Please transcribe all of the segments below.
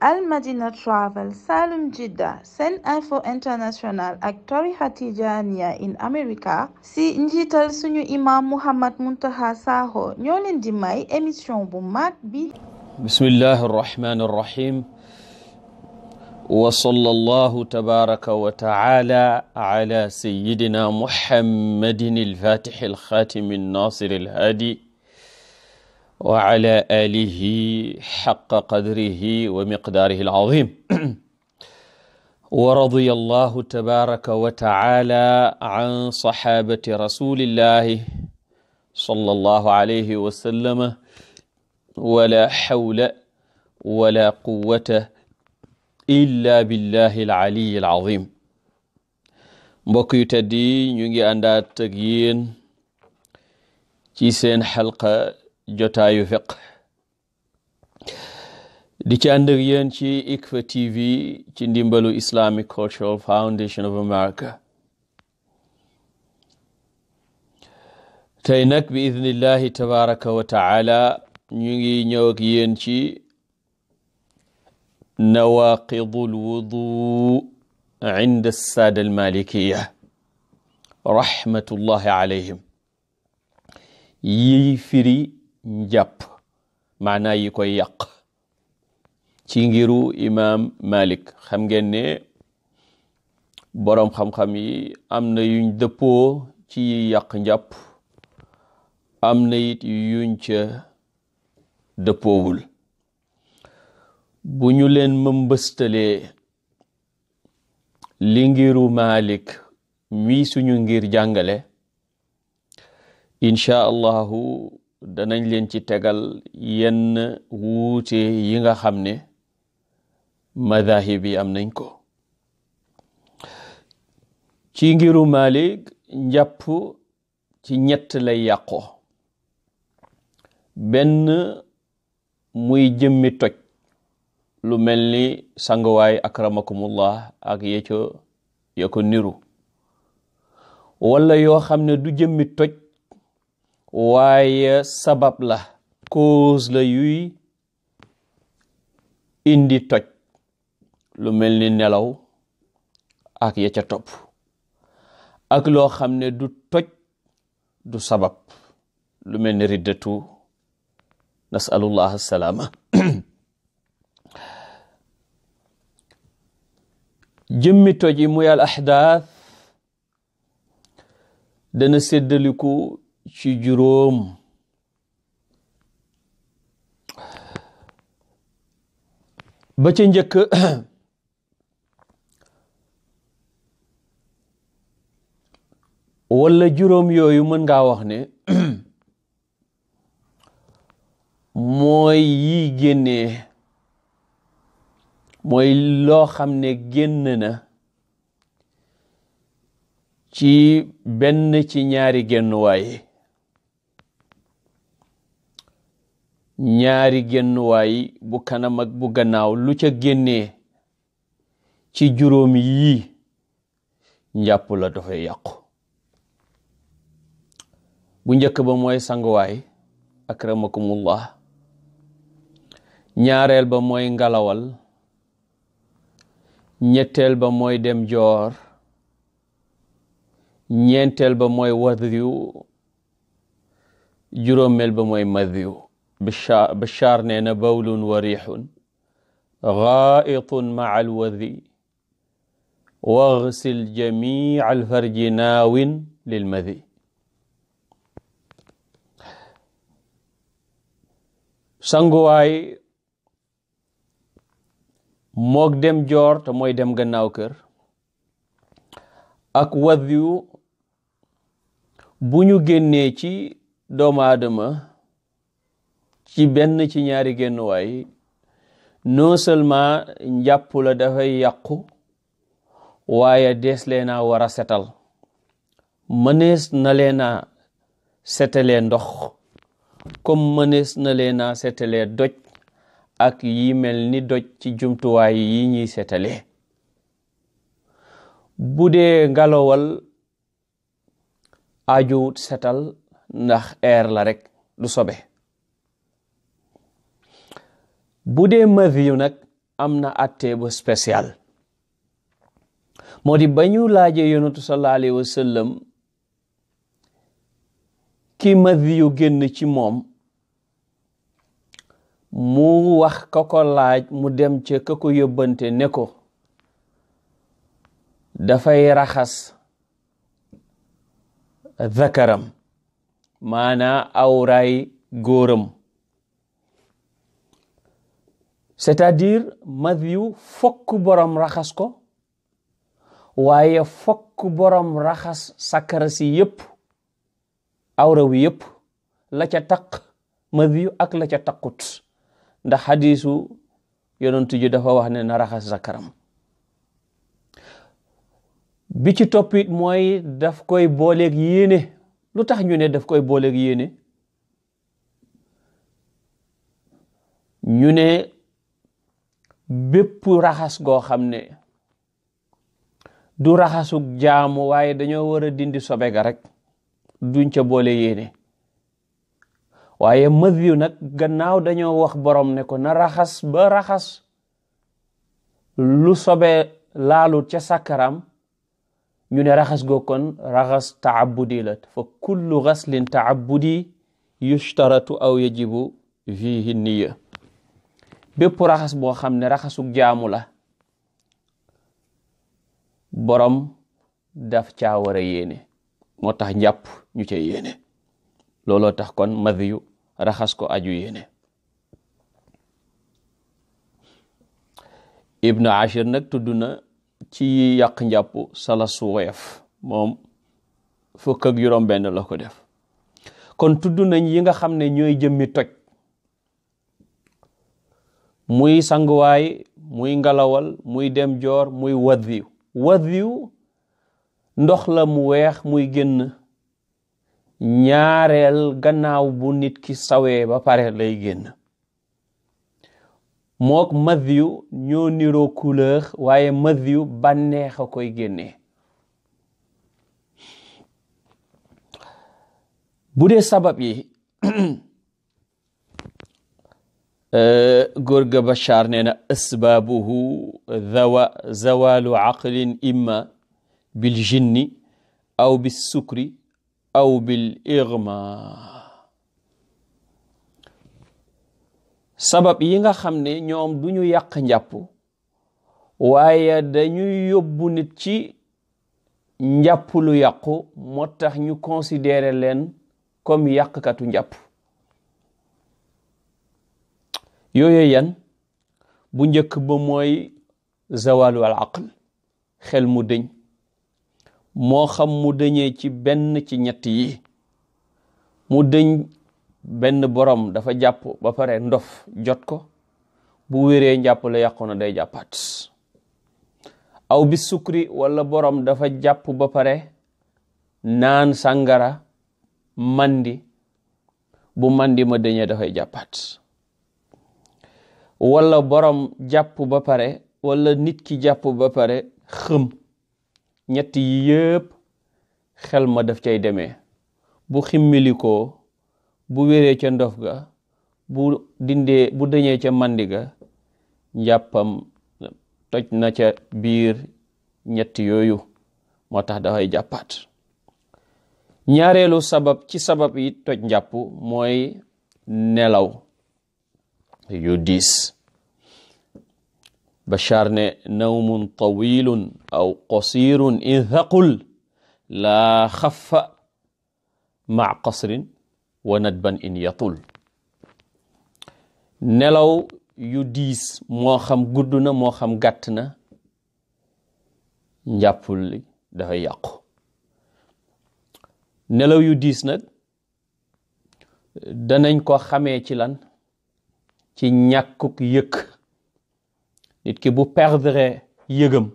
al madina travel salum jidda sen info international ak tarixa tijaniya in america si njiital suñu imam muhammad muntaha sakho ñoo leen di may émission bu mag bi bismillahi arrahmani arrahim wa sallallahu tabaraka wa taala ala sayidina muhammadin alfatixi alxatimi annasiri alhaadi wa cala aalihi xaqa qadrihi wa miqdaarihi al-caziim wa radiya allaahu tabaaraka wa tacaala can saxaabati rasuulillaahi sallallaahu calayhi wa sallama wala xawla wala quwwata illaa billaahi al-caliyyi al-caziim mbokk yu tedd yi ñu ngi àndaat ak yéen ci seen xalqa jotaayu fiq di ci ànd ak ci ICFA TV ci ndimbalu Islamic Cultural Foundation of America tey nag bi idnillahi tabaraka wa taala ñu ngi ñëw ak ci nawaqidul wudu inda saada almalikiya rahmatullahi alayhim yi firi njàpp mana yi koy yàq ci ngiru imaam Malik xam ngeen ne boroom xam yi am na yuñ dëppoo ci yàq njàpp am na yit yuñ ca dëppoowul bu ñu leen mëmbëstalee li ngiru Malik mi suñu ngir jàngale incha allahu danañ leen ci tegal yenn wuute yi nga xam ne madahib yi am nañ ko ci ngiru Malik njàpp ci ñett lay yàqoo benn muy jëmmi toj lu mel ni sanguwaay akramakumullah ak yeco ya ko niru wala ne du jëmmi toj waaye sabab la cause la yuy indi toj lu mel ni nelaw ak ya ca topp ak loo xam ne du toj du sabab lu mel ni riddatu nasalullah salaama jëmmi toj yi muy al ahdath dana séddaliku ci juróom ba ca njëkk wala juróom yooyu mën nga wax ne mooy yi génnee mooy loo xam ne génn na ci benn ci ñaari génn waaye ñaari génnuwaay bu kanam ak bu gannaaw lu ca génnee ci juróom yii njàpp la dafay yàqu bu njëkk ba mooy sanguwaay akramakumullah ñaareel ba mooy ngalawal ñetteel ba mooy dem joor ñeenteel ba mooy wadriw juróomeel ba mooy madriw Bichar nee na bawlun wa riixun gaa'itun maca alwadi wagsil jamiica alfarji naawin lilmadi sanguwaay moog dem joor te mooy dem gannaaw kër ak wadiyu bu ñu génnee ci doomu aadama ci benn ci ñaari gennuwaay non seulement njàpp la dafay yàqu waaye dees leena war a setal mënees na leena setalee ndox comme mënees na leena setalee doj ak yi mel ni doj ci jumtuwaay yi ñuy setale bu dee ngalawal setal ndax air la rek du sobe bu dee madhi nag am na attee bu spécial moo di ba ñu laajee yonentu sallallahu alayhi wa ki madhi génn ci moom mu wax ka ko laaj mu dem ca ka ko yóbbante ne ko dafay raxas zakaram maanaa awraay góoram c'est-à-dire mad yu fokk borom raxas ko waaye fokk borom raxas sakara si yépp awra wi yépp la ca taq mad ak la ca taqut ndax xadiisu yonent ji dafa wax ne na raxas sakaram bi ci toppit mooy daf koy booleeg yéene lu tax ñu ne daf koy booleeg yéene ñu ne bépp raxas goo xam ne du raxasug jaamu waaye dañoo war a dindi sobe ga rek duñ ca boole yéene waaye mët yu nag gannaaw dañoo wax borom ne ko na raxas ba raxas lu sobe laalut ca sàkkaram ñu ne raxas go kon raxas taabudi la fa kullu xaslin taabudi yushtaratu aw yajibu fihi niya bépp raxas boo xam ne raxasug jaamu la borom daf caa war yéene moo tax njàpp ñu ca yéene looloo tax kon madiyu raxas ko aju yéene ibnu ashir nag tudd na ci yàq njàpp sala suweef moom fukk ak juróom benn la ko def kon tudd yi nga xam ne ñooy jëmmi toj muy sanguwaay muy ngalawal muy dem joor muy waddiyu waddiyu ndox la mu weex muy génn ñaareel gannaaw bu nit ki sawee ba pare lay génn mook madiyu ñoo niroo couleur waaye madiyu bànneex koy génnee bu dee sabab yi góor ga Bachar nee na asbaabuhu zawa zawaalu aqlin imma bil jinni aw bis sukri aw bil igma sabab yi nga xam ne ñoom duñu yàq njàpp waaye dañuy yóbbu nit ci njàpp lu yàqu moo tax ñu considérer leen comme yàqkatu njàpp yooyu yan bu njëkk ba mooy zawalu al aql xel mu dëñ moo xam mu dëñee ci benn ci ñett yi mu dëñ benn borom dafa jàpp ba pare ndof jot ko bu wéree njàpp la yàqu na day jàppaat aw bi sukri wala borom dafa jàpp ba pare naan sàngara mandi bu mandi ma dëñee dafay jàppaat walla borom jàpp ba pare walla nit ki jàpp ba pare xëm ñett yi yëpp xel ma daf cay demee bu ximmilikoo bu wéree ca ndof ga bu dindee bu dëñee ca màndi ga njàppam toj na ca biir ñetti yooyu moo tax dafay jàppaat ñaareelu sabab ci sabab yi toj njàpp mooy nelaw yu diis bashar ne nawmun tawilun aw qasirun in thaqul laa xafa maa qasrin wa nadban in yatul nelaw yu diis moo xam gudd na moo xam gàtt na njàppul li dafay nelaw yu diis nag danañ ko xamee ci lan ci ñàkkuk yëg nit ki bu perdre yëgam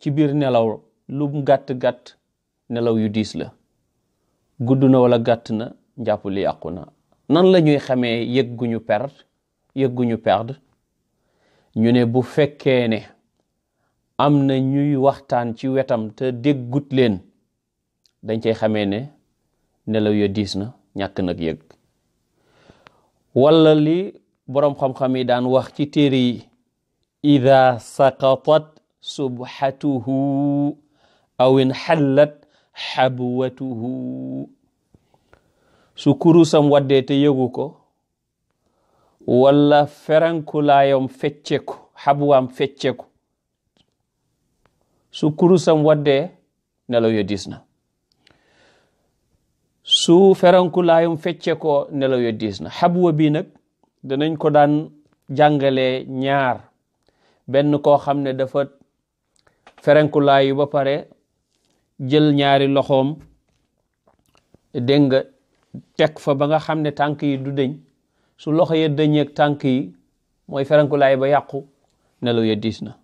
ci biir nelaw lu gàtt-gàtt nelaw yu diis la gudd na wala gàtt na njàpp li yàqu na nan lañuy xamee yëg gu ñu perdre yëg gu ñu perdre ñu ne bu fekkee ne am na ñuy waxtaan ci wetam te gut leen dañ cay xamee ne nelaw ya diis na ñàkk nag yëg wala li boroom xam-xam yi daan wax ci téere yi ida saqatat subhatuhu aw inxallat xabwatuhu su kurusam waddee te yëgu ko wala ferankulaayam fecceku xabwaam fecceku su kurusam waddee nelaw yo dis na su ferankulaayam nelaw yo dis na xabwa bi danañ ko daan jàngale ñaar benn koo xam ne dafa ferenkulaayu ba pare jël ñaari loxoom dégg nga teg fa ba nga xam ne tànk yi du dëñ su loxo ya dëñeeg tànk yi mooy ferenkulaay ba yàqu nelaw ya diis na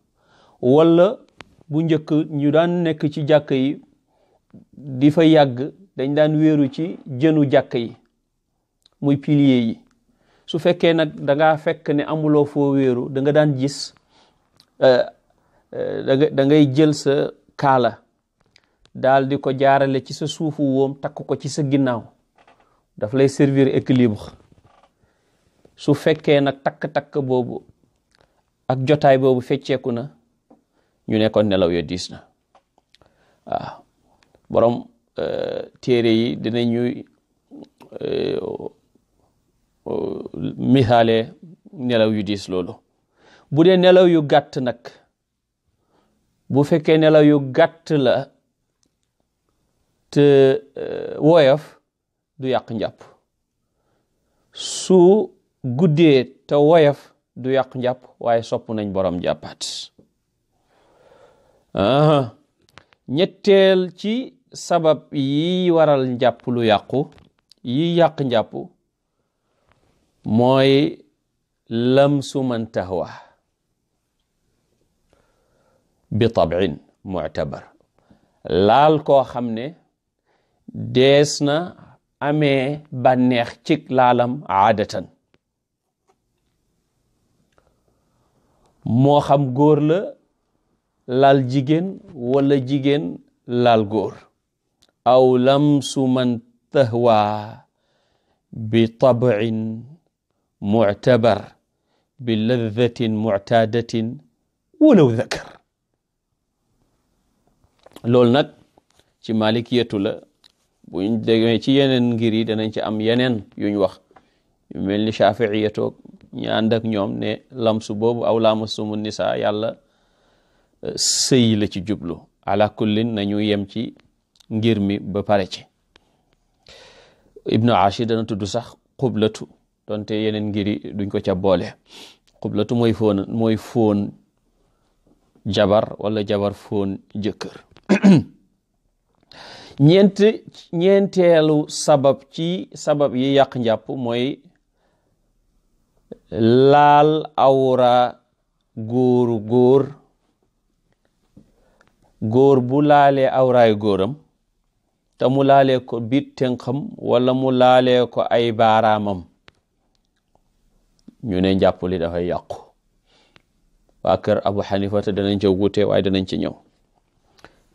wala bu njëkk ñu daan nekk ci jàkk yi di fa yàgg dañ daan wéeru ci jënu jàkk yi muy pilier yi su fekkee nag danga fekk ni amuloo foo wéeru danga daan gis euh, euh, da jël sa kaala daal di ko jaarale ci sa suufu woom takk ko ci sa ginnaaw daf lay servir équilibre su fekkee nag takk-takk boobu ak jotaay boobu fecceeku na ñu nekkoon ko nelaw ya diis na waaw borom euh, téere yi dina ñuy misaalee nelaw yu diis loolu bu dee nelaw yu gàtt nag bu fekkee nelaw yu gàtt la te eh, woyof du yàq njàpp su guddee te woyof du yàq njàpp waaye sopp nañ borom jàppaat ñetteel ci sabab yi waral njàpp lu yàqu yi yàq njàpp mooy lamsu man tahwa bi tabin mu'tabar laal koo xam ne dees na amee bànneex cig laalam aadatan moo xam góor la laal jigéen wala jigéen laal góor aw lamsu man tahwa bi tabin muctabar bi ladatin muctaadatin walaw dakar loolu nag ci malikiyatu la buñ déggee ci yeneen ngir yi danañ ci am yeneen yuñ wax mel ni shafiiyatoog ñu ànd ak ñoom ne lamsu boobu aw laamasumu nisaa yàlla euh, sëy la ci jublu ala kullin nañu yem ci ngir mi ba pare ci ibnu ashi dana tudd sax xublatu donte yeneen ngiri duñ ko ca boole xublatu mooy foon mooy foon jabar walla jabar foon jëkkër ñeent sabab ci sabab yi yàq njàpp mooy laal awra góoru góor góor bu laalee awraay góoram te mu laale ko biit tënkam walla mu laale ko ay baaraamam ñu ne njàpp li dafay yàqu waa kër Abu Xanifa te danañ ca wuute waaye danañ ci ñëw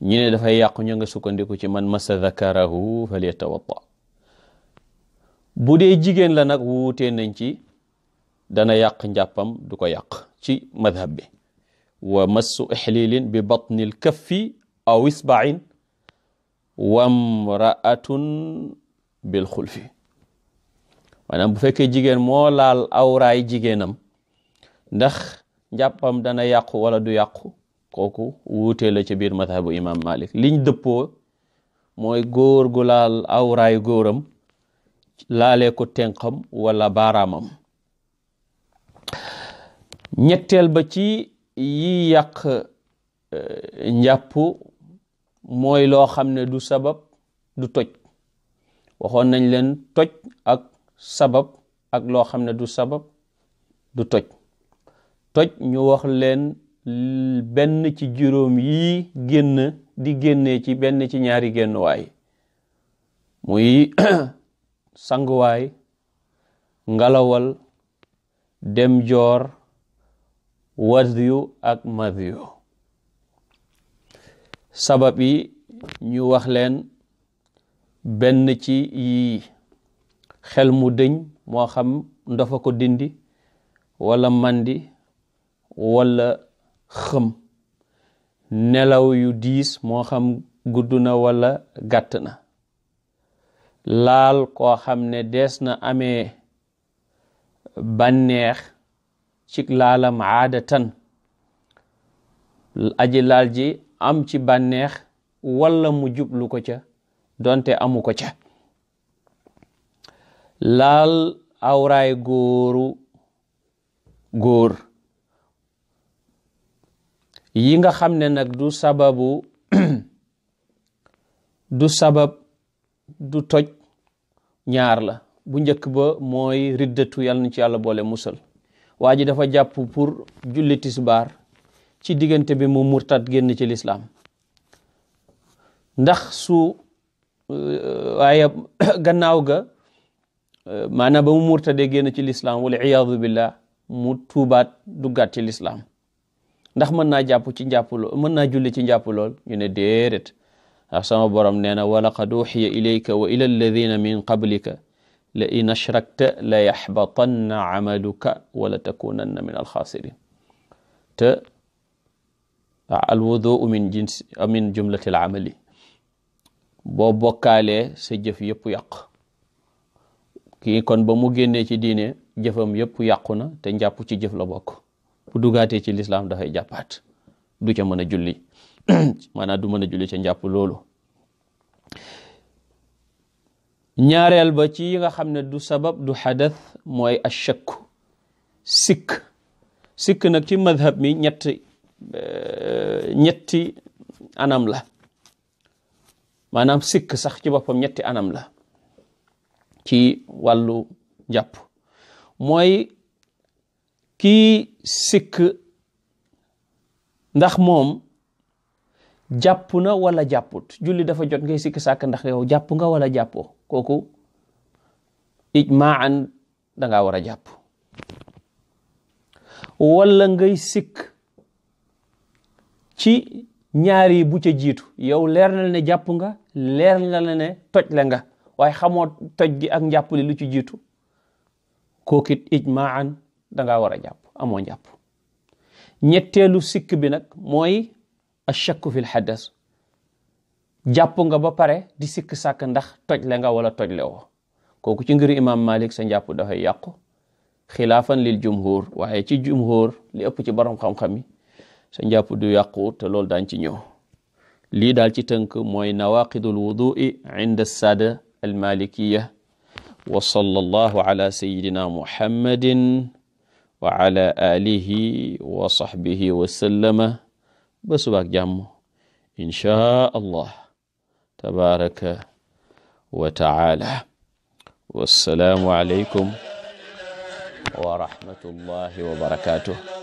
ñu ne dafay yàqu ñu nga sukkandiku ci man massa zakarahu falyatawadda bu dee jigéen la nag wuutee nañ ci dana yàq njàppam du ko yàq ci madhab bi wa massu ixlilin bi batnil kaffi aw isbain wa mraatun bil maanaam bu fekkee jigéen moo laal awraay jigéenam ndax njàppam dana yàqu wala du yàqu kooku wuutee la ci biir madhabu imam malik liñ dëppoo mooy góor laal awraay góoram laale ko tenqam wala baaraamam ñetteel ba ci yi yàq euh, njàpp mooy loo xam ne du sabab du toj waxoon nañ leen toj sabab ak loo xam ne du sabab du toj toj ñu wax leen benn ci juróom yi génn di génnee ci benn ci ñaari génnuwaay muy sanguwaay ngalawal dem joor wadiyu ak madiyu sabab yi ñu wax leen benn ci yi xel mu dëñ moo xam ndofa ko dindi wala mandi wala xëm nelaw yu diis moo xam gudd na wala gàtt na laal koo xam ne dees na amee bànneex ci laalam aadatan aji laal ji am ci bànneex wala mu jublu ko ca donte amu ko ca laal awraay góoru góor yi nga xam ne nag du sababu du sabab du toj ñaar la bu njëkk ba mooy riddatu yàlla na ci yàlla boole musal waa ji dafa jàpp pour julli tisbaar ci diggante bi mu murtat génn ci lislaam ndax su euh, waaye gannaaw ga Euh, maanaam ba mu murtadee génn ci lislaam wala iyaadu billah mu tuubaat duggaat ci lislaam ndax mën naa jàpp ci njàpp lool mën naa julli ci njàpp lool ñu ne déedéet ndax sama borom nee na wa laqad uxiya ilayka wa ila alladina min qablika la in ashrakta la yaxbatanna amaluka wala takunanna min alxaasirin te alwuduu min jins min jumlati al amali boo bokkaalee sa jëf yëpp yàq kii kon ba mu génnee ci diine jëfam yëpp yàqu na te njàpp ci jëf la bokk bu dugaatee ci lislaam dafay jàppaat du ca mën a julli maanaam du mën a julli ca njàpp loolu ñaareel ba ci yi nga xam ne du sabab du xadath mooy ashakku sikk sikk nag ci madhab mi ñetti eh, ñetti anam la maanaam sikk sax ci boppam ñetti anam la ci wàllu njàpp mooy kii sikk ndax moom jàpp na wala jàpput julli dafa jot ngay sikk sàkk ndax yow jàpp nga wala jàppoo kooku ijmaan da ngaa war a jàpp wala ngay sikk ci ñaari bu ca jiitu yow leer na la ne jàpp nga leer na la ne toj la nga waaye xamoo toj gi ak njàppali lu ci jiitu kookit ijmaan da ngaa war a jàpp amoo njàpp ñetteelu sikk bi nag mooy ashakku fil hadas jàpp nga ba pare di sikk sàkk ndax toj le nga wala toj le woo kooku ci ngir imam malik sa njàpp dafay yàqu xilaafan lil jumhur waaye ci jumhur li ëpp ci borom xam-xam yi sa njàpp du yàqu te loolu daañ ci ñëw almalikiya wa sallallahu ala sayyidina muhammadin wa ala alihi wa sahbihi wa sallama ba subaak jàmm inchaa allah tabaraka wa taala wassalaamu aleykum wa rahmatullahi wa barakatuh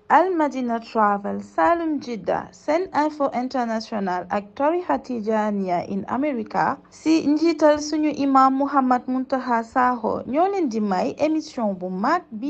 al madina travel salum jidda seen info international ak tarixa tijaniya in america si njiital suñu imam muhammad muntaha sakho ñoo leen di may émission bu mag bi